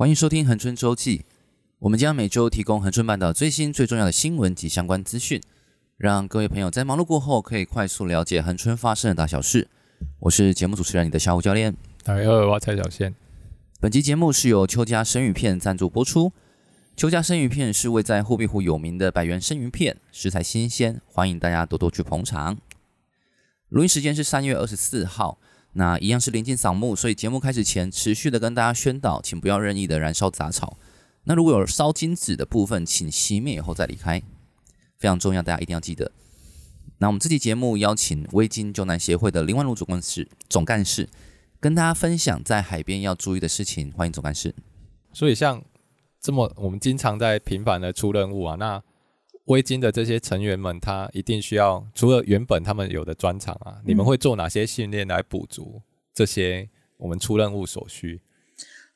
歡迎收聽恆春週記，我們將每周提供恆春半島最新最重要的新聞及相關資訊，讓各位朋友在忙碌過後可以快速了解恆春發生的大小事。我是節目主持人你的小虎教練，大家好，我是蔡小憲。本集節目是由邱家生魚片贊助播出，邱家生魚片是位在後壁湖有名的百元生魚片，食材新鮮，歡迎大家多多去捧場。錄音時間是三月二十四號。那一樣是臨近掃墓，所以節目開始前持續的跟大家宣導，請不要任意的燃燒雜草。那如果有燒金紙的部分，請熄滅以後再離開，非常重要，大家一定要記得。那我們這期節目邀請威鯨救難協會的林紋如總幹事、總幹事，跟大家分享在海邊要注意的事情。歡迎總幹事。所以像這麼我們經常在頻繁的出任務啊，那。威鯨的這些成員們，他一定需要除了原本他們有的專長啊，嗯、你們會做哪些訓練來補足這些我們出任務所需？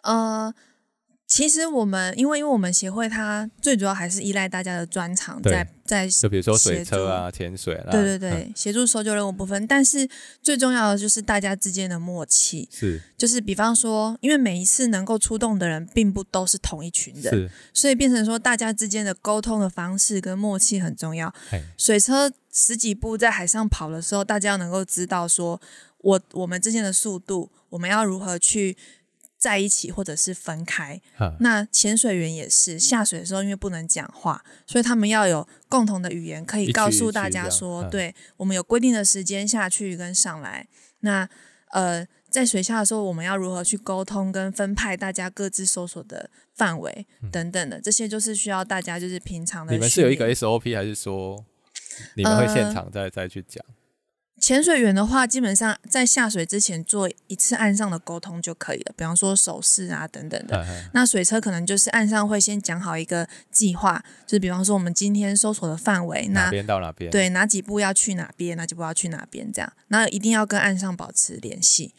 呃。其實我們，因為因為我們協會，它最主要還是依賴大家的專長，在在，對在就比如說水車啊、潛水啦、啊，對對對，協助搜救任務部分。嗯、但是最重要的就是大家之間的默契，是，就是比方說，因為每一次能夠出動的人並不都是同一群人，是，所以變成說大家之間的溝通的方式跟默契很重要。嘿水車十幾步在海上跑的時候，大家要能夠知道說，我我們之間的速度，我們要如何去。在一起或者是分開，啊、那潛水員也是下水的時候，因為不能講話，所以他們要有共同的語言，可以告訴大家說，一曲一曲啊、對我們有規定的時間下去跟上來。那呃，在水下的時候，我們要如何去溝通，跟分派大家各自搜索的範圍等等的，嗯、這些就是需要大家就是平常的。你們是有一個 SOP，還是說你們會現場再、呃、再去講？潛水員的話，基本上在下水之前做一次岸上的溝通就可以了，比方說手勢啊等等的。啊、那水車可能就是岸上會先講好一個計劃，就是比方說我們今天搜索的範圍那哪邊到哪邊，對哪幾步要去哪邊，哪幾步要去哪邊這樣，那一定要跟岸上保持聯繫。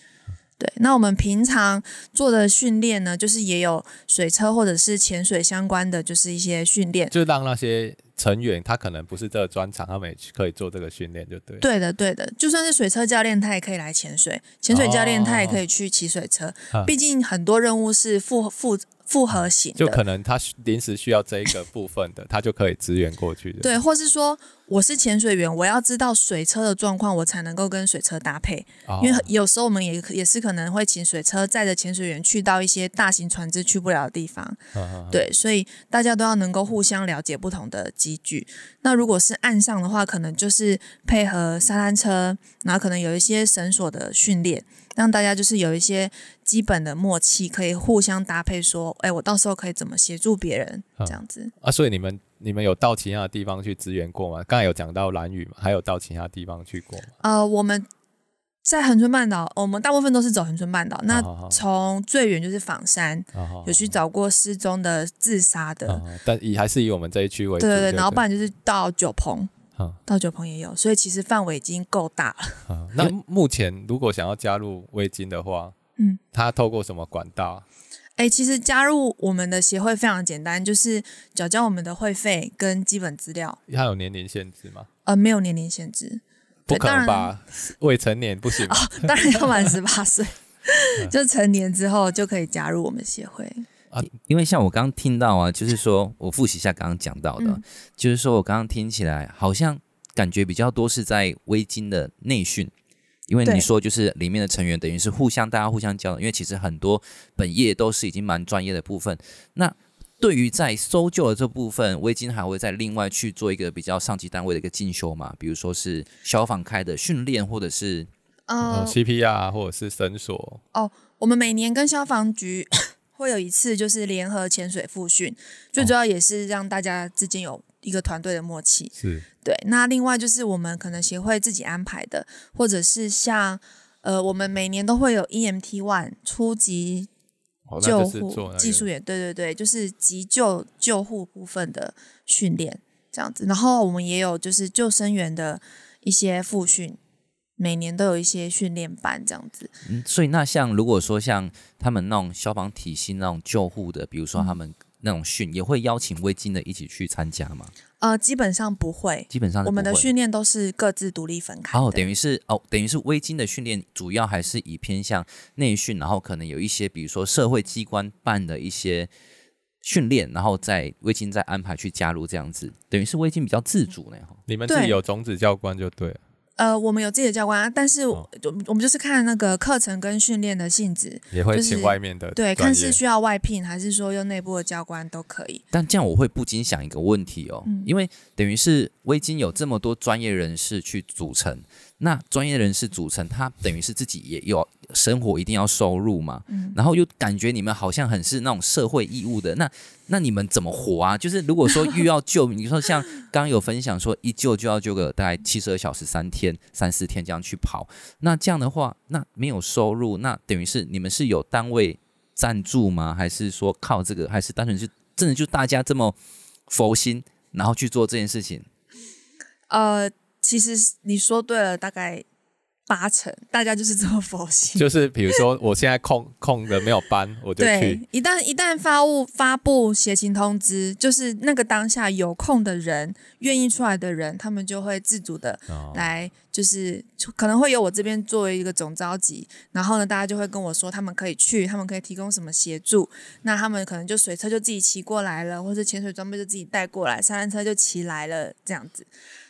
對，那我們平常做的訓練呢，就是也有水車或者是潛水相關的，就是一些訓練，就當那些。成員他可能不是這個專長，他們也可以做這個訓練就對。對的，對的，就算是水車教練，他也可以來潛水；潛水教練，他也可以去騎水車。哦、畢竟很多任務是複複複合型、啊，就可能他臨時需要這一個部分的， 他就可以支援過去的。對，或是說。我是潛水員，我要知道水車的狀況，我才能夠跟水車搭配。Oh. 因為有時候我們也也是可能會請水車載着潛水員去到一些大型船只去不了的地方。Oh. 對，所以大家都要能夠互相了解不同的機具。那如果是岸上的話，可能就是配合沙灘車，然後可能有一些繩索的訓練，讓大家就是有一些基本的默契，可以互相搭配，說，哎、欸，我到時候可以怎麼協助別人、oh. 這樣子。啊，所以你們。你們有到其他的地方去支援過嗎？剛才有講到蘭嶼還有到其他地方去過嗎？呃，我們在恆春半島，我們大部分都是走恆春半島。哦、好好，那從最遠就是枋山，哦、好好，有去找過失蹤的、自殺的、哦，但以還是以我們這一區為主。對，對對，然後不然就是到九棚、哦、到九棚也有，所以其實範圍已經夠大了，哦。那目前如果想要加入威鯨的話，有它透過什麼管道？哎、欸，其實加入我們的協會非常簡單，就是繳交我們的會費跟基本資料。它有年齡限制嗎？呃，沒有年齡限制，不可能吧，未成年不行，哦。當然要滿十八歲， 就成年之後就可以加入我們協會啊。因為像我剛剛聽到啊，就是說我複習一下剛剛講到的，嗯、就是說我剛剛聽起來好像感覺比較多是在威鯨的內訓。因為你說就是裡面的成員等於是互相，對大家互相教的。因為其實很多本業都是已經蠻專業的部分。那對於在搜救的這部分，我已經還會再另外去做一個比較上級單位的一個進修嘛，比如說是消防開的訓練，或者是嗯、呃、CPR 或者是繩索。哦，我們每年跟消防局會有一次就是聯合潛水復訓，哦、最主要也是讓大家之間有。一個團隊的默契是，對。那另外就是我們可能協會自己安排的，或者是像呃，我們每年都會有 EMT one 初級救護、哦那個、技術員，對對對，就是急救救護部分的訓練這樣子。然後我們也有就是救生員的一些復訓，每年都有一些訓練班這樣子。嗯，所以那像如果說像他們那種消防體系那種救護的，比如說他們、嗯。那種訓也會邀請威鯨的一起去參加嗎？呃，基本上不會，基本上不會，我們的訓練都是各自獨立分開哦。哦，等於是哦，等於是威鯨的訓練主要還是以偏向內訓，然後可能有一些比如說社會機關辦的一些訓練，然後在威鯨再安排去加入這樣子，等於是威鯨比較自主呢。你們自己有種子教官就對了。對呃，我們有自己的教官，啊，但是我我們就是看那個課程跟訓練的性質，也會請外面的、就是、對，看是需要外聘還是說用內部的教官都可以。但這樣我會不禁想一個問題哦，嗯、因為等於是威鯨有這麼多專業人士去組成，那專業人士組成，他等於是自己也有。生活一定要收入嘛，嗯、然後又感覺你們好像很是那種社會義務的，那那你們怎麼活啊？就是如果說遇到救， 你說像剛剛有分享說一救就要救個大概七十二小時、三天、三四天這樣去跑，那這樣的話，那沒有收入，那等於是你們是有單位贊助嗎？還是說靠這個？還是單純是真的就大家這麼佛心，然後去做這件事情？呃，其實你說對了，大概。八成大家就是這麼佛系，就是比如說我現在空空 的沒有班。我就去。一旦一旦發物發布協勤通知，就是那個當下有空的人願意出來的人，他們就會自主的來，就是、哦、就可能會有我這邊作為一個總召集，然後呢，大家就會跟我說他們可以去，他們可以提供什麼協助，那他們可能就水車就自己騎過來了，或者潛水裝備就自己帶過來，三輪車就騎來了，這樣子。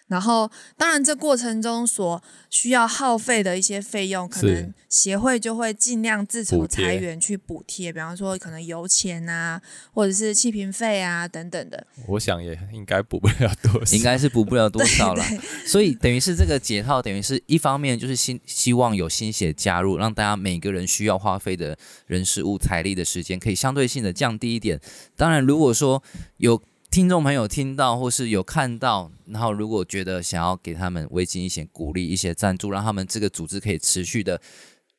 然後，當然，這過程中所需要耗費的一些費用，可能協會就會盡量自籌財源去補貼，補貼。比方說可能油錢啊，或者是氣瓶費啊等等的。我想也應該補不了多少，應該是補不了多少了。 對對。所以等於是這個解套，等於是，一方面就是希希望有新血加入，讓大家每個人需要花費的人、事、物、財力的時間，可以相對性的降低一點。當然，如果說有。聽眾朋友聽到或是有看到，然後如果覺得想要給他們威鯨一些鼓勵、一些贊助，讓他們這個組織可以持續的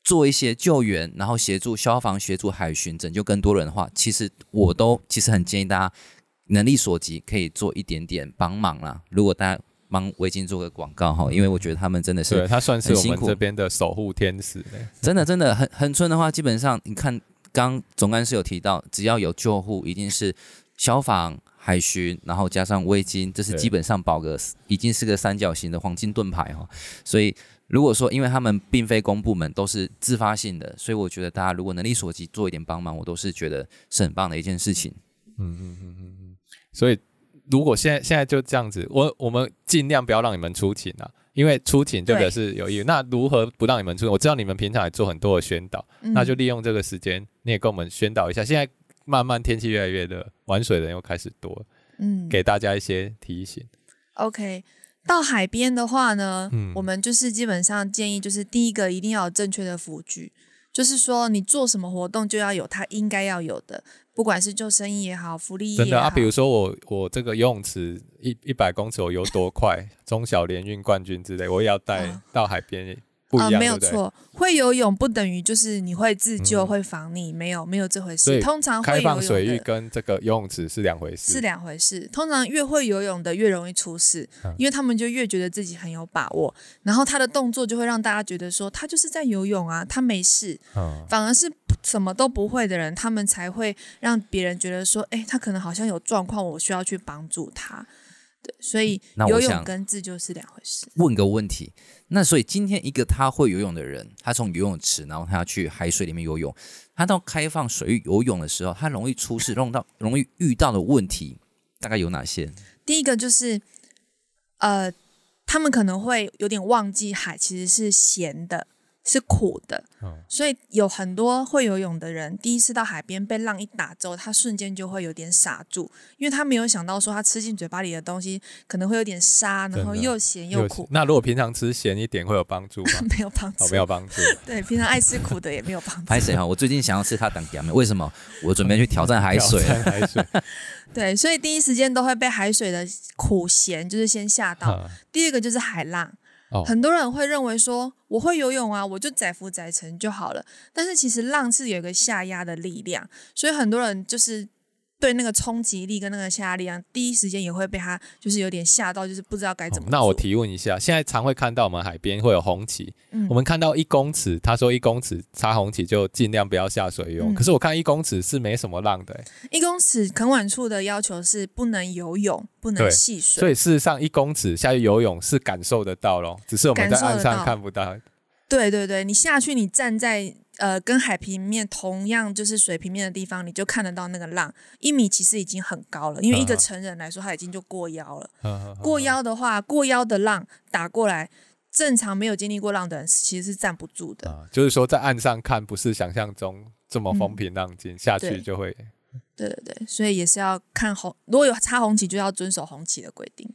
做一些救援，然後協助消防、協助海巡，拯救更多人的話，其實我都其實很建議大家能力所及可以做一點點幫忙啦。如果大家幫威鯨做個廣告哈，對因為我覺得他們真的是辛苦，他算是我們這邊的守護天使，真的真的很。恆春的話，基本上你看，剛總幹事有提到，只要有救護，一定是消防、海巡、然後加上威鯨，這是基本上保個對已經是個三角形的黃金盾牌哈、哦。所以如果說，因為他們並非公部門，都是自發性的，所以我覺得大家如果能力所及做一點幫忙，我都是覺得是很棒的一件事情。嗯嗯嗯嗯嗯。所以如果現在現在就這樣子，我我們儘量不要讓你們出勤了、啊，因為出勤這個是有意義。對那如何不讓你們出勤？我知道你們平常也做很多的宣導，嗯、那就利用這個時間，你也跟我們宣導一下。現在。慢慢天氣越來越熱，玩水的人又開始多了，嗯，給大家一些提醒。OK，到海邊的話呢，嗯，我們就是基本上建議，就是第一個一定要有正確的浮具，就是說你做什麼活動就要有它應該要有的，不管是救生衣也好，浮力衣真的啊，比如說我我這個游泳池一一百公尺我游多快， 中小聯運冠軍之類，我也要帶到海邊。嗯啊、嗯，沒有錯，對對，會游泳不等於就是你會自救、嗯、會防溺，沒有沒有這回事。對通常開放水域跟這個游泳池是兩回事。是兩回事，通常越會游泳的越容易出事，嗯、因為他們就越覺得自己很有把握，然後他的動作就會讓大家覺得說他就是在游泳啊，他沒事。嗯、反而是什麼都不會的人，他們才會讓別人覺得說，哎，他可能好像有狀況，我需要去幫助他。對，所以游泳跟自救是兩回事。嗯、問個問題。那所以今天一個，他會游泳的人，他從游泳池，然後他要去海水裡面游泳，他到開放水域游泳的時候，他容易出事，容易到容易遇到的問題大概有哪些？第一個就是，呃，他們可能會有點忘記海其實是鹹的。是苦的，所以有很多會游泳的人，第一次到海邊被浪一打之後，他瞬間就會有點傻住，因為他沒有想到說他吃進嘴巴裡的東西可能會有點沙，然後又鹹又苦又。那如果平常吃鹹一點會有幫助嗎？ 沒有幫助，沒有幫助。 對，平常愛吃苦的也沒有幫助。拍誰哈？我最近想要吃他等乾面，為什麼？我準備去挑戰海水。海水 對，所以第一時間都會被海水的苦鹹就是先嚇到。哈第二個就是海浪。哦、很多人會認為說我會游泳啊，我就載浮載沉就好了。但是其實浪是有個下壓的力量，所以很多人就是。對，那個衝擊力跟那個下壓力啊，第一時間也會被它就是有點嚇到，就是不知道該怎麼做，哦。那我提問一下，現在常會看到我們海邊會有紅旗，嗯、我們看到一公尺，他說一公尺插紅旗就盡量不要下水用。嗯、可是我看一公尺是沒什麼浪的。一公尺墾管處的要求是不能游泳，不能戲水。所以事實上一公尺下去游泳是感受得到咯，只是我們在岸上看不到。到對對對，你下去，你站在。呃，跟海平面同樣就是水平面的地方，你就看得到那個浪，一米其實已經很高了。因為一個成人來說，他已經就過腰了。呵呵。過腰的話，過腰的浪打過來，正常沒有經歷過浪的人其實是站不住的。啊、就是說，在岸上看不是想象中這麼風平浪靜，嗯、下去就會。對對對，所以也是要看紅，如果有插紅旗，就要遵守紅旗的規定。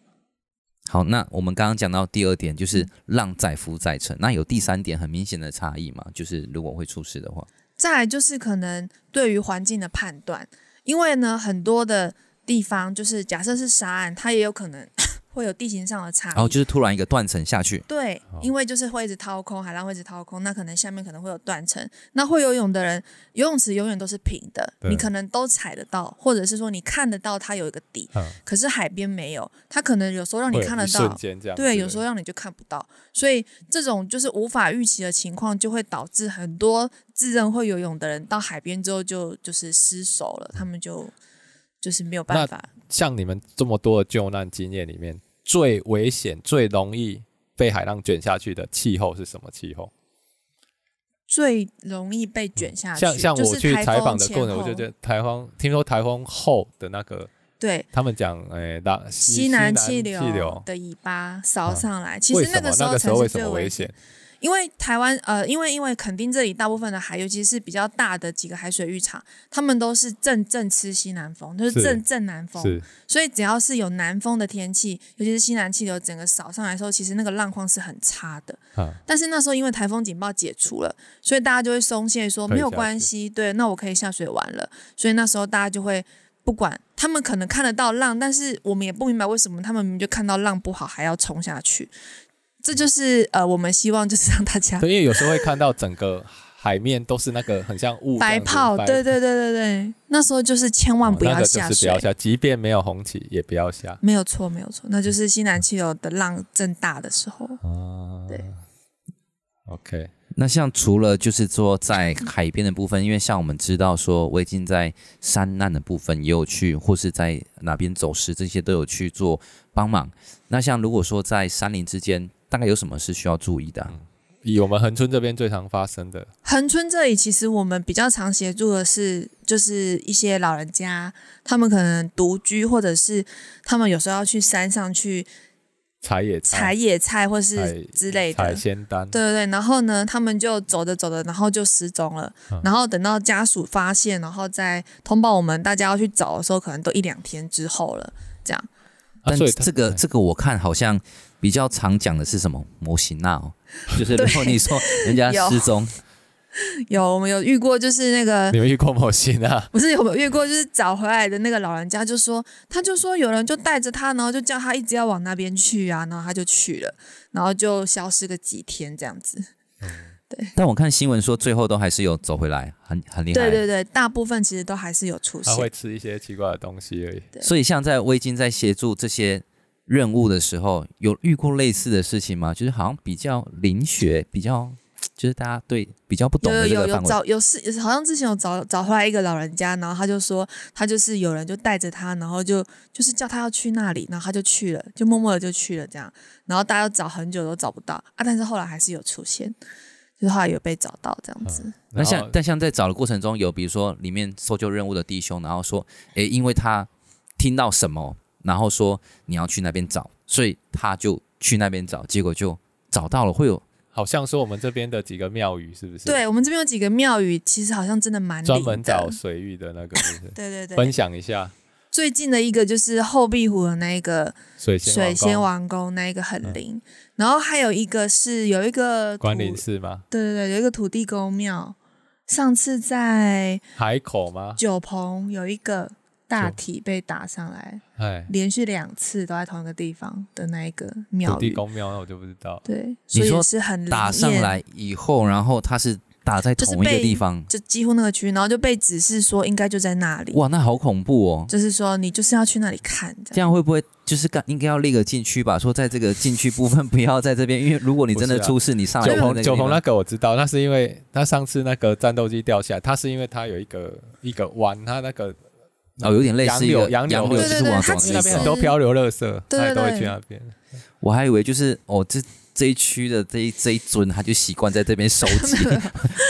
好，那我們剛剛講到第二點，就是浪在浮在沉。那有第三點很明顯的差異嗎？就是如果會出事的話，再來就是可能對於環境的判斷，因為呢很多的地方就是假設是沙岸，它也有可能。 會有地形上的差、哦，然後就是突然一個斷層下去。對，因為就是會一直掏空，海浪會一直掏空，那可能下面可能會有斷層。那會游泳的人，游泳池永遠都是平的，對你可能都踩得到，或者是說你看得到它有一個底，嗯、可是海邊沒有，它可能有時候讓你看得到，對，一瞬間這樣，對，有時候讓你就看不到，對所以這種就是無法預期的情況，就會導致很多自認會游泳的人到海邊之後就就是失手了，他們就。就是沒有辦法。那像你們這麼多的救難經驗裡面，最危險、最容易被海浪卷下去的氣候是什麼氣候？最容易被卷下去。嗯、像像我去採訪的過程，就是我就覺得台風。聽說台風後的那個，對，他們講，哎，大西，西南氣流的尾巴掃上來、啊，其實那個那個時候為什麼危險，因為台灣，呃，因為因為墾丁這裡大部分的海，尤其是比較大的幾個海水浴場，他們都是正正吹西南風，就是正正南風，是所以只要是有南風的天氣，尤其是西南氣流整個掃上來的時候，其實那個浪況是很差的。啊，但是那時候因為台風警報解除了，所以大家就會鬆懈說，說沒有關係，對，那我可以下水玩了。所以那時候大家就會不管，他們可能看得到浪，但是我們也不明白為什麼他們明明就看到浪不好，還要衝下去。這就是呃，我們希望就是讓大家，對，因為有時候會看到整個海面都是那個很像霧白泡，對對對對對，那時候就是千萬不要下，哦那個、就是不要下，即便沒有紅旗也不要下，沒有錯沒有錯，那就是西南氣流的浪正大的時候啊，嗯、對，OK。那像除了就是說在海邊的部分，因為像我們知道說，威鯨在山難的部分也有去，或是在哪邊走失這些都有去做幫忙。那像如果說在山林之間。大概有什麼是需要注意的、啊嗯？以我們恆春這邊最常發生的，恆春這裡其實我們比較常協助的是，就是一些老人家，他們可能獨居，或者是他們有時候要去山上去採野採野菜，野菜野菜或是之類的採仙丹，對對對，然後呢，他們就走着走着，然後就失蹤了。嗯、然後等到家屬發現，然後再通報我們，大家要去找的時候，可能都一兩天之後了。這樣，但、啊、所以這個這個我看好像，比較常講的是什麼模型呢、啊哦？就是沒有。你說人家失蹤，有,有我們有遇過，就是那個你們遇過模型啊？不是有沒有遇過？就是找回來的那個老人家就說，他就說有人就帶着他，然後就叫他一直要往那邊去啊，然後他就去了，然後就消失個幾天這樣子。對。但我看新聞說，最後都還是有走回來，很很厲害。對對對，大部分其實都還是有出現，他會吃一些奇怪的東西而已。對所以像在威鯨在協助這些。任務的時候有遇過類似的事情嗎？就是好像比較靈學，比較就是大家對比較不懂的這個範圍有有，有有找有是有，好像之前有找找回來一個老人家，然後他就說他就是有人就帶着他，然後就就是叫他要去那裡，然後他就去了，就默默的就去了這樣。然後大家都找很久都找不到啊，但是後來還是有出現，就是後來有被找到這樣子。那、嗯、像但像在找的過程中有，有比如說裡面搜救任務的弟兄，然後說誒，因為他聽到什麼。然後說，你要去那邊找，所以他就去那邊找，結果就找到了。會有好像說我們這邊的幾個廟宇是不是？對，我們這邊有幾個廟宇，其實好像真的蠻靈的。專門找水域的那個，是不是？對對對。分享一下最近的一個，就是後壁湖的那一個水水仙王宮，那一個很靈。嗯、然後還有一個是有一個關林寺嗎？對對對，有一個土地公廟。上次在海口嗎？九棚有一個。大體被打上來，連續兩次都在同一個地方的那一個廟宇。土地公廟那我就不知道。對，所以是很打上來以後，嗯、然後它是打在同一個地方，就，就幾乎那個區，然後就被指示說應該就在那裡。哇，那好恐怖哦！就是說你就是要去那裡看，這樣會不會就是該應該要立個禁區吧？ 說在這個禁區部分不要在這邊，因為如果你真的出事，啊、你上來就九棚，九棚那個我知道，那是因為他上次那個戰鬥機掉下來，他是因為他有一個一個彎，他那個。哦，有點類似洋流，洋流就是往那邊都漂流垃圾，大家都會去那邊。我還以為就是哦，這這一區的這一這一尊，他就習慣在這邊收集，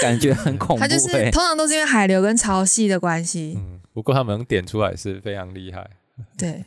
感覺很恐怖。他通常都是因為海流跟潮汐的關係。嗯，不過他們能點出來是非常厲害。對，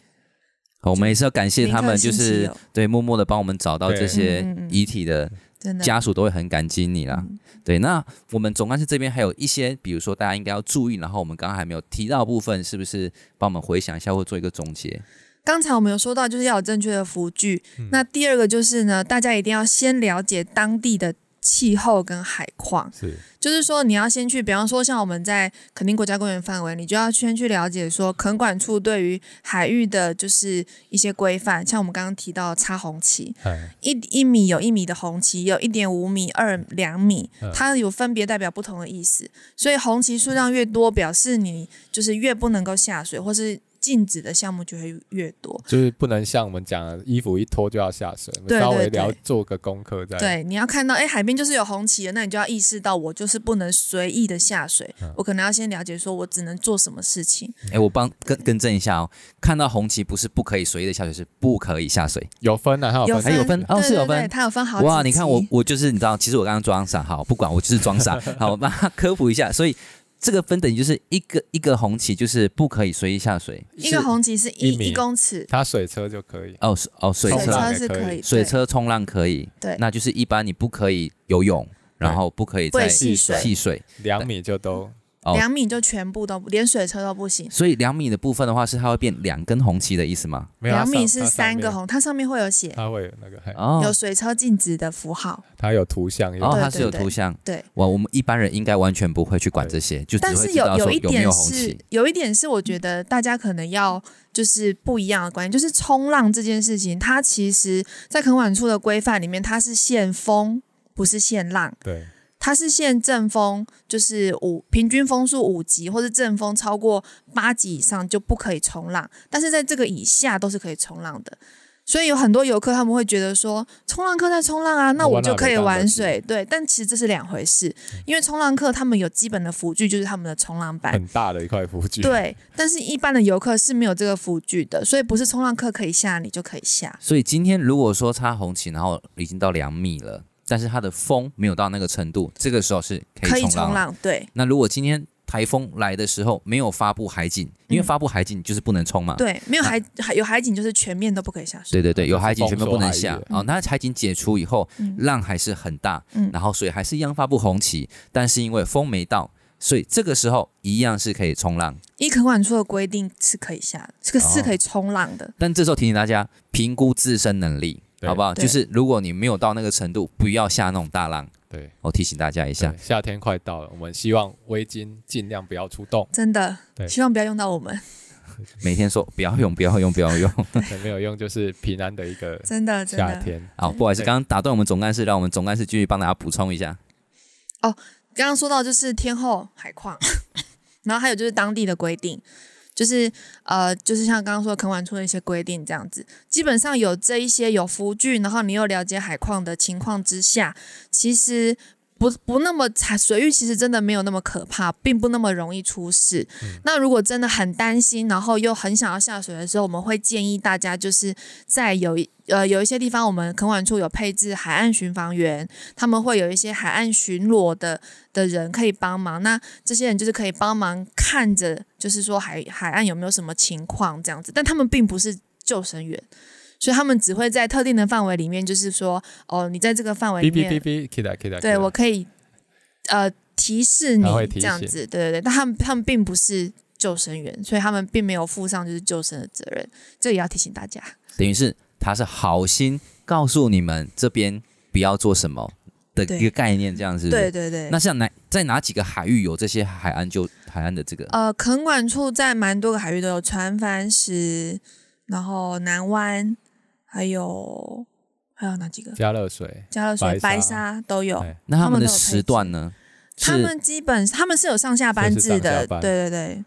好，我們也是要感謝他們，就是對默默的幫我們找到這些遺體的。真的家屬都會很感激你啦。嗯、對，那我們總幹事這邊還有一些，比如說大家應該要注意，然後我們剛剛還沒有提到部分，是不是幫我們回想一下或做一個總結？剛才我們有說到，就是要有正確的浮具。嗯、那第二個就是呢，大家一定要先了解當地的。氣候跟海況是就是說你要先去，比方說像我們在墾丁國家公園範圍，你就要先去了解說墾管處對於海域的，就是一些規範。嗯、像我們剛剛提到插紅旗，嗯、一一米有一米的紅旗，有一點五米、二兩米，嗯、它有分別代表不同的意思。所以紅旗數量越多，表示你就是越不能夠下水，或是，禁止的項目就會越多，就是不能像我們講的，衣服一脫就要下水，稍微你要做個功課再，對，你要看到，誒、欸，海邊就是有紅旗，那你就要意識到，我就是不能隨意的下水，嗯、我可能要先了解，說我只能做什麼事情。誒、欸，我幫更更正一下哦，看到紅旗不是不可以隨意的下水，是不可以下水，有分的、啊，它有分，它有分，哦、欸、是有分，它有分好幾。哇，你看我我就是你知道，其實我剛剛裝傻，好，不管我就是裝傻， 好，我幫他科普一下，所以。這個分等就是一個一個紅旗，就是不可以隨意下水。一個紅旗是一一，米一公尺，它水車就可以。哦，哦，水車是可以，水車衝浪可以。對，那就是一般你不可以游泳，對然後不可以再戲水，兩米就都。兩、oh. 米就全部都連水車都不行，所以兩米的部分的話，是它會變兩根紅旗的意思嗎？兩米是三個紅，它上面會有寫，它會有那個還、oh. 有水車禁止的符號，它有圖像有，然後它是有圖像，對，對，對，我對我們一般人應該完全不會去管這些，對就有有但是有有一點是有一點是我覺得大家可能要就是不一樣的觀念，就是衝浪這件事情，它其實在墾管處的規範裡面，它是限風不是限浪，對。它是限陣風，就是五平均風速五級，或者陣風超過八級以上就不可以衝浪。但是在這個以下都是可以衝浪的。所以有很多遊客他們會覺得說，衝浪客在衝浪啊，那我就可以玩水。對，但其實這是兩回事，因為衝浪客他們有基本的浮具，就是他們的衝浪板，很大的一塊浮具。對，但是一般的遊客是沒有這個浮具的，所以不是衝浪客可以下，你就可以下。所以今天如果說插紅旗，然後已經到兩米了。但是它的風沒有到那個程度，這個時候是可以衝浪。可以衝浪對，那如果今天台風來的時候沒有發布海警，嗯、因為發布海警就是不能衝嘛。對，沒有海那海有海警就是全面都不可以下水。對對對，有海警全面不能下。哦，那海警解除以後，嗯、浪還是很大，嗯、然後水還是一樣發布紅旗，但是因為風沒到，所以這個時候一樣是可以衝浪。依墾管處的規定是可以下這個是、哦、可以衝浪的。但這時候提醒大家，評估自身能力。好不好？對就是如果你沒有到那個程度，不要下那種大浪。對，我提醒大家一下，夏天快到了，我們希望威鯨盡量不要出動。真的，對希望不要用到我們。每天說不要用，不要用，不要用， 對 沒有用就是平安的一個真的夏天。真的，真的。好，不好意思，剛剛打斷我們總幹事，讓我們總幹事繼續幫大家補充一下。對哦，剛剛說到就是天候海況， 然後還有就是當地的規定。就是呃，就是像剛剛說的墾管處的一些規定這樣子，基本上有這一些有浮具，然後你又了解海況的情況之下，其實。不不那麼，水域其實真的沒有那麼可怕，並不那麼容易出事。嗯、那如果真的很擔心，然後又很想要下水的時候，我們會建議大家，就是在有一呃有一些地方，我們墾管處有配置海岸巡防員，他們會有一些海岸巡邏的的人可以幫忙。那這些人就是可以幫忙看着，就是說海海岸有沒有什麼情況這樣子，但他們並不是救生員。所以他們只會在特定的範圍裡面，就是說，哦，你在這個範圍裡面，B B、B, 對，對我可以呃提示你這樣子，對對對。但他們他們並不是救生員，所以他們並沒有負上就是救生的責任，這個要提醒大家。等於是他是好心告訴你們這邊不要做什麼的一個概念，這樣子，對對對。那像哪在哪幾個海域有這些海岸救海岸的這個？呃，墾管處在蠻多個海域都有船帆石，然後南灣。還有還有哪幾個？佳樂水、佳樂水、白沙都有。那他們的時段呢？他們基本他們是有上下班制的，對對對。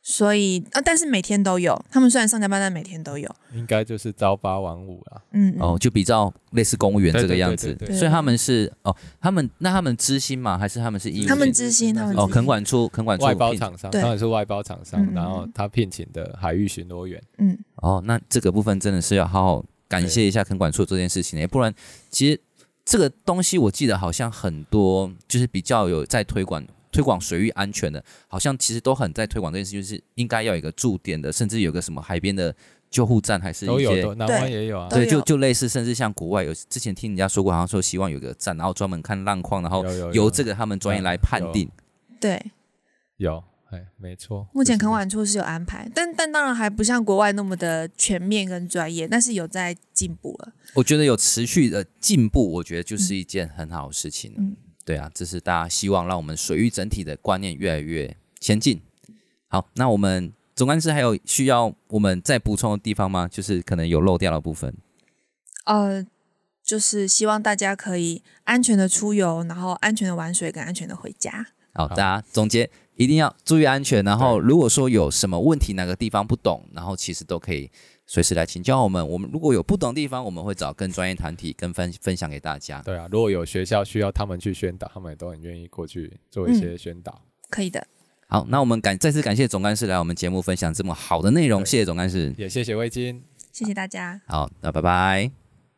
所以啊，但是每天都有。他們雖然上下班，但每天都有。應該就是朝八晚五啊。嗯，哦，就比較類似公務員這個樣子。所以他們是哦，他們那他們支薪嗎還是他們是義務？他們支薪，他們哦，墾管處墾管處外包廠商，他們是外包廠商，然後他聘請的海域巡邏員。嗯，哦，那這個部分真的是要好好。感謝一下墾管處這件事情呢。不然其實這個東西我記得好像很多，就是比較有在推廣推廣水域安全的，好像其實都很在推廣這件事情，是應該要有一個駐點的，甚至有個什麼海邊的救護站，還是都有的，南灣也有啊，對，就就類似，甚至像國外有之前聽人家說過，好像說希望有個站，然後專門看浪況，然後由這個他們專業來判定，對，有。哎，沒錯。目前墾管處是有安排，是但但當然還不像國外那麼的全面跟專業，但是有在進步了。我覺得有持續的進步，我覺得就是一件很好的事情。嗯，嗯對啊，這是大家希望讓我們水域整體的觀念越來越先進。好，那我們總幹事還有需要我們再補充的地方嗎？就是可能有漏掉的部分。呃，就是希望大家可以安全的出遊，然後安全的玩水，跟安全的回家。好，好，大家總結。一定要注意安全。然後，如果說有什麼問題，哪個地方不懂，對然後其實都可以隨時來請教我們。我們如果有不懂的地方，我們會找更專業團體跟分分享給大家。對啊，如果有學校需要他們去宣導，他們也都很願意過去做一些宣導。嗯、可以的。好，那我們感再次感謝總幹事來我們節目分享這麼好的內容。對謝謝總幹事，也謝謝威鯨，謝謝大家。好，那拜拜。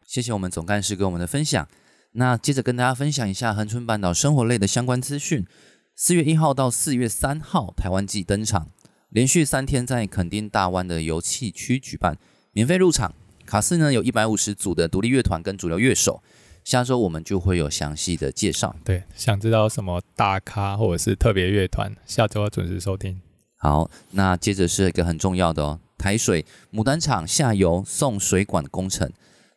謝謝我們總幹事跟我們的分享。那接着跟大家分享一下恆春半島生活類的相關資訊。四月一號到四月三號，台灣祭登場，連續三天在墾丁大灣的遊憩區舉辦，免費入場。卡斯呢有一百五十組的獨立樂團跟主流樂手，下周我們就會有詳細的介紹。對，想知道什麼大咖或者是特別樂團，下周要準時收聽。好，那接着是一個很重要的哦，台水牡丹廠下游送水管工程。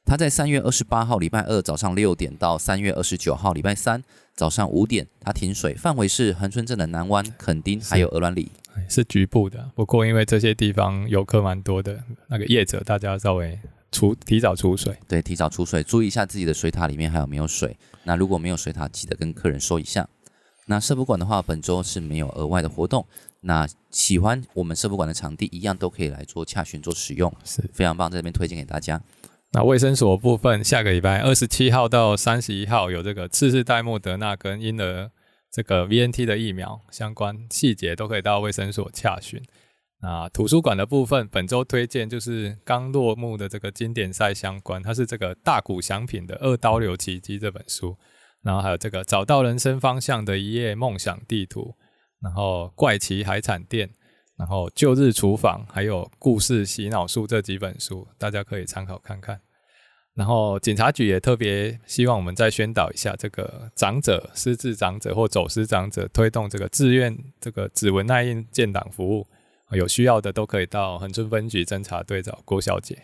他在三月二十八號禮拜二早上六點到三月二十九號禮拜三早上五點，他停水範圍是恆春鎮的南灣、墾丁，還有鵝鑾里是，是局部的。不過因為這些地方遊客蠻多的，那個業者大家稍微出提早出水，對，提早出水，注意一下自己的水塔裡面還有沒有水。那如果沒有水塔，記得跟客人說一下。那社福館的話，本周是沒有額外的活動。那喜歡我們社福館的場地，一樣都可以來做洽詢、做使用，是非常棒，在這邊推薦給大家。那衛生所部分，下個禮拜二十七號到三十一號有這個次世代莫德納跟嬰兒這個 BNT 的疫苗相關細節，都可以到衛生所洽詢。啊，圖書館的部分，本周推薦就是剛落幕的這個經典賽相關，它是這個大谷翔平的《二刀流奇蹟》這本書，然後還有這個找到人生方向的一頁夢想地圖，然後怪奇海產店。然後《舊日廚房》還有《故事洗腦術》這幾本書，大家可以參考看看。然後警察局也特別希望我們再宣導一下，這個長者失智長者或走失長者，推動這個自願這個指紋捺印建檔服務，啊，有需要的都可以到恆春分局偵查隊找郭小姐。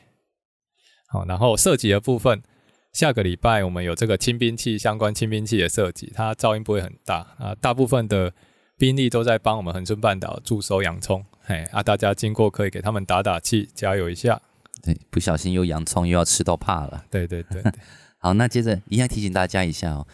好，啊，然後射擊的部分，下個禮拜我們有這個輕兵器相關輕兵器的射擊，它噪音不會很大啊，大部分的。兵力都在幫我們恆春半島助收洋蔥，哎啊，大家經過可以給他們打打氣，加油一下。對，不小心又洋蔥又要吃到怕了。對對對，對對 好，那接着一樣提醒大家一下哦，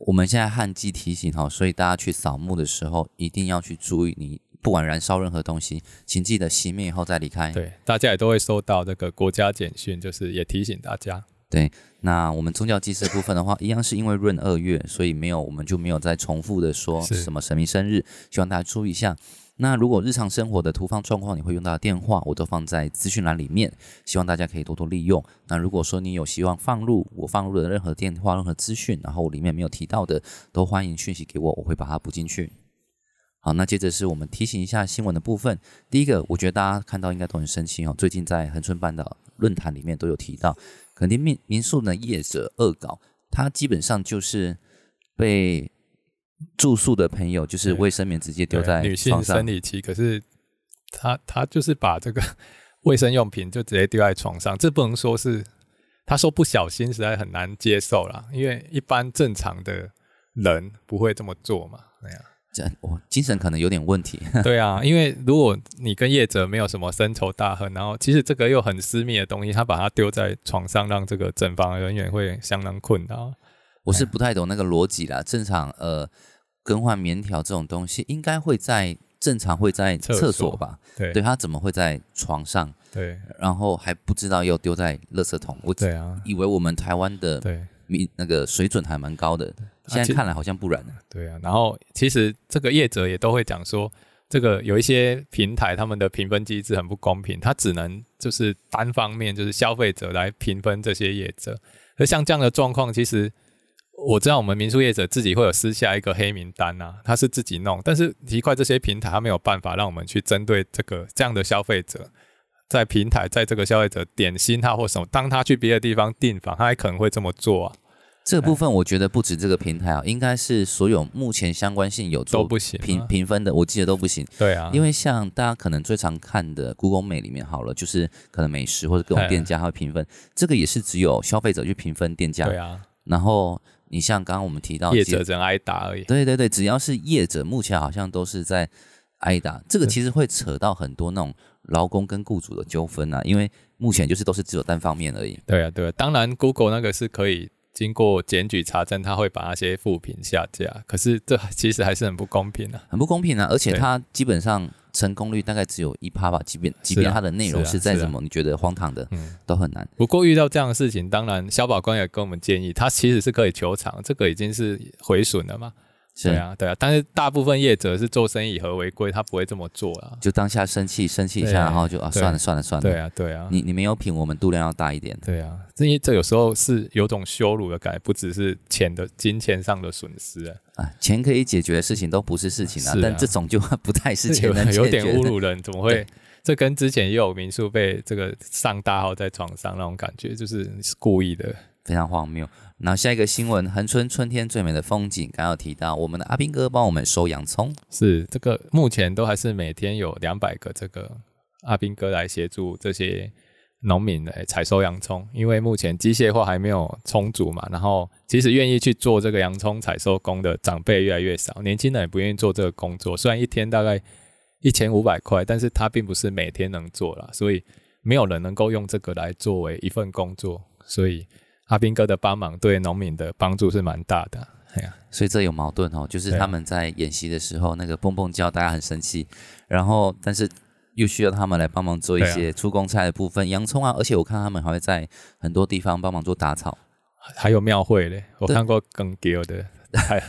我們現在旱季提醒哈，所以大家去掃墓的時候一定要去注意你，你不管燃燒任何東西，請記得熄滅以後再離開。對，大家也都會收到這個國家簡訊，就是也提醒大家。對。那我們宗教祭祀的部分的話，一樣是因為閏二月，所以沒有我們就沒有再重複的說什麼神明生日，是希望大家注意一下。那如果日常生活的突發狀況你會用到的電話，我都放在資訊欄裡面，希望大家可以多多利用。那如果說你有希望放入我放入的任何電話、任何資訊，然後我裡面沒有提到的，都歡迎訊息給我，我會把它補進去。好，那接着是我們提醒一下新聞的部分。第一個，我覺得大家看到應該都很生氣哦，最近在恆春半島。論壇裡面都有提到，墾丁民民宿呢，業者惡搞，他基本上就是被住宿的朋友就是衛生棉直接丟在床上，女性生理期，可是他他就是把這個衛生用品就直接丟在床上，這不能說是他說不小心，實在很難接受啦，因為一般正常的人不會這麼做嘛，那樣。這我精神可能有點問題。對啊，因為如果你跟業者沒有什麼深仇大恨，然後其實這個又很私密的東西，他把它丟在床上，讓這個整房人員會相當困擾。我是不太懂那個邏輯啦。正常呃，更換棉條這種東西，應該會在正常會在廁所吧？所對，它他怎麼會在床上？對，然後還不知道又丟在垃圾桶。我只、啊、以為我們台灣的對那個水準還蠻高的。現在看來好像不然了、啊。對啊，然後其實這個業者也都會講說，這個有一些平台他們的評分機制很不公平，他只能就是單方面就是消費者來評分這些業者。而像這樣的狀況，其實我知道我們民宿業者自己會有私下一個黑名單吶、啊，他是自己弄。但是奇怪，這些平台他沒有辦法讓我們去針對這個這樣的消費者，在平台在這個消費者點心他或什麼，當他去別的地方訂房，他還可能會這麼做啊。這個部分我覺得不止這個平台啊，應該是所有目前相關性有做評都不行、啊、評，評分的，我記得都不行。對啊，因為像大家可能最常看的 Google 美裡面好了，就是可能美食或者各種店家它會評分，啊、這個也是只有消費者去評分店家。對啊。然後你像剛剛我們提到業者只能挨打而已。對對對，只要是業者，目前好像都是在挨打。這個其實會扯到很多那種勞工跟僱主的糾紛啊，因為目前就是都是只有單方面而已。對啊對啊，當然 Google 那個是可以。經過檢舉查證，他會把那些負評下架。可是這其實還是很不公平啊，很不公平啊！而且他基本上成功率大概只有一趴吧，即便即便它的內容是再怎麼、啊啊啊、你覺得荒唐的，嗯、都很難。不過遇到這樣的事情，當然消保官也給我們建議，他其實是可以求償，這個已經是毀損了嘛。是對啊，對啊，但是大部分業者是做生意以和為貴，他不會這麼做啊。就當下生氣，生氣一下，啊、然後就啊,啊算，算了算了算了。對啊，對啊，你你沒有品，我們度量要大一點的。對啊，這些這有時候是有種羞辱的感覺，不只是錢的金錢上的損失啊。啊，錢可以解決的事情都不是事情啊。啊但這種就不太是錢能解決的有,有點侮辱人，怎麼會？這對跟之前也有民宿被這個上大號在床上那種感覺，就是是故意的，非常荒謬。然後下一個新聞，恆春春天最美的風景，剛剛有提到我們的阿兵哥幫我們收洋蔥，是這個目前都還是每天有兩百個這個阿兵哥來協助這些農民來採收洋蔥，因為目前機械化還沒有充足嘛，然後其實願意去做這個洋蔥採收工的長輩越來越少，年輕人也不願意做這個工作，雖然一天大概一千五百塊，但是他並不是每天能做啦，所以沒有人能夠用這個來作為一份工作，所以。阿兵哥的幫忙對農民的幫助是蠻大的，哎呀、啊，所以這有矛盾哦，就是他們在演習的時候，啊、那個蹦蹦叫，大家很生氣。然後，但是又需要他們來幫忙做一些出公差的部分，啊、洋蔥啊。而且我看他們還會在很多地方幫忙做打草，還有廟會嘞。我看過更屌的，哎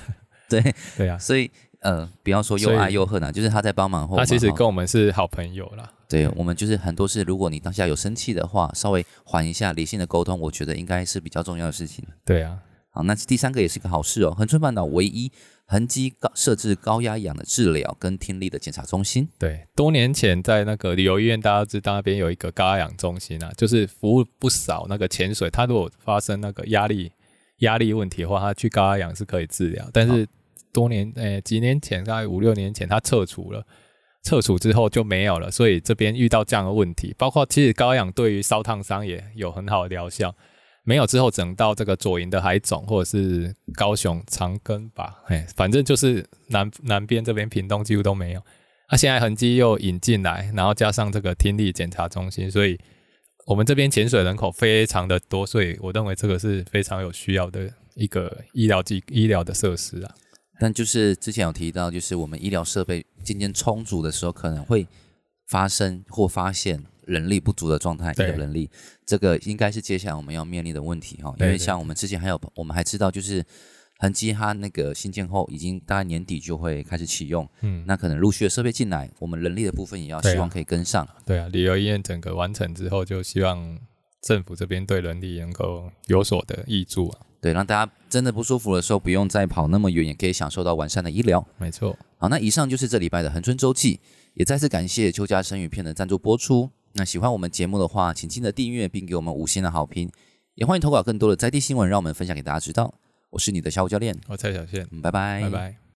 對， 對對啊。所以，嗯、呃，不要說又愛又恨啊，以就是他在幫忙後，他其實跟我們是好朋友啦。對，我們就是很多事。如果你當下有生氣的話，稍微緩一下，理性的溝通，我覺得應該是比較重要的事情。對啊，好，那第三個也是個好事哦。恆春半島唯一，恆基高設置高壓氧的治療跟聽力的檢查中心。對，多年前在那個旅遊醫院大家都知道那邊有一個高壓氧中心啊，就是服務不少那個潛水，它如果發生那個壓力壓力問題的話，他去高壓氧是可以治療。但是多年好誒，幾年前大概五六年前，他撤除了。撤除之後就沒有了，所以這邊遇到這樣的問題，包括其實高氧對於燒燙傷也有很好的療效。沒有之後，整到這個左營的海總，或者是高雄長庚吧，哎，反正就是南南邊這邊屏東幾乎都沒有。那、啊、現在恆基又引進來，然後加上這個聽力檢查中心，所以我們這邊潛水人口非常的多，所以我認為這個是非常有需要的一個醫療技醫療的設施啊。但就是之前有提到，就是我們醫療設備漸漸充足的時候，可能會發生或發現人力不足的狀態。對，人力這個應該是接下來我們要面臨的問題哈。因為像我們之前還有，對對我們還知道，就是恆基它那個新建後，已經大概年底就會開始啟用。嗯。那可能陸續的設備進來，我們人力的部分也要希望可以跟上。對啊，旅遊醫院整個完成之後，就希望政府這邊對人力能夠有所的挹注。啊。對，讓大家真的不舒服的時候，不用再跑那麼遠，也可以享受到完善的醫療。沒錯。好，那以上就是這禮拜的恆春週記，也再次感謝邱家生魚片的贊助播出。那喜歡我們節目的話，請記得訂閱並給我們五星的好評，也歡迎投稿更多的在地新聞，讓我們分享給大家知道。我是你的小虎教練，我蔡小憲，拜拜，拜拜。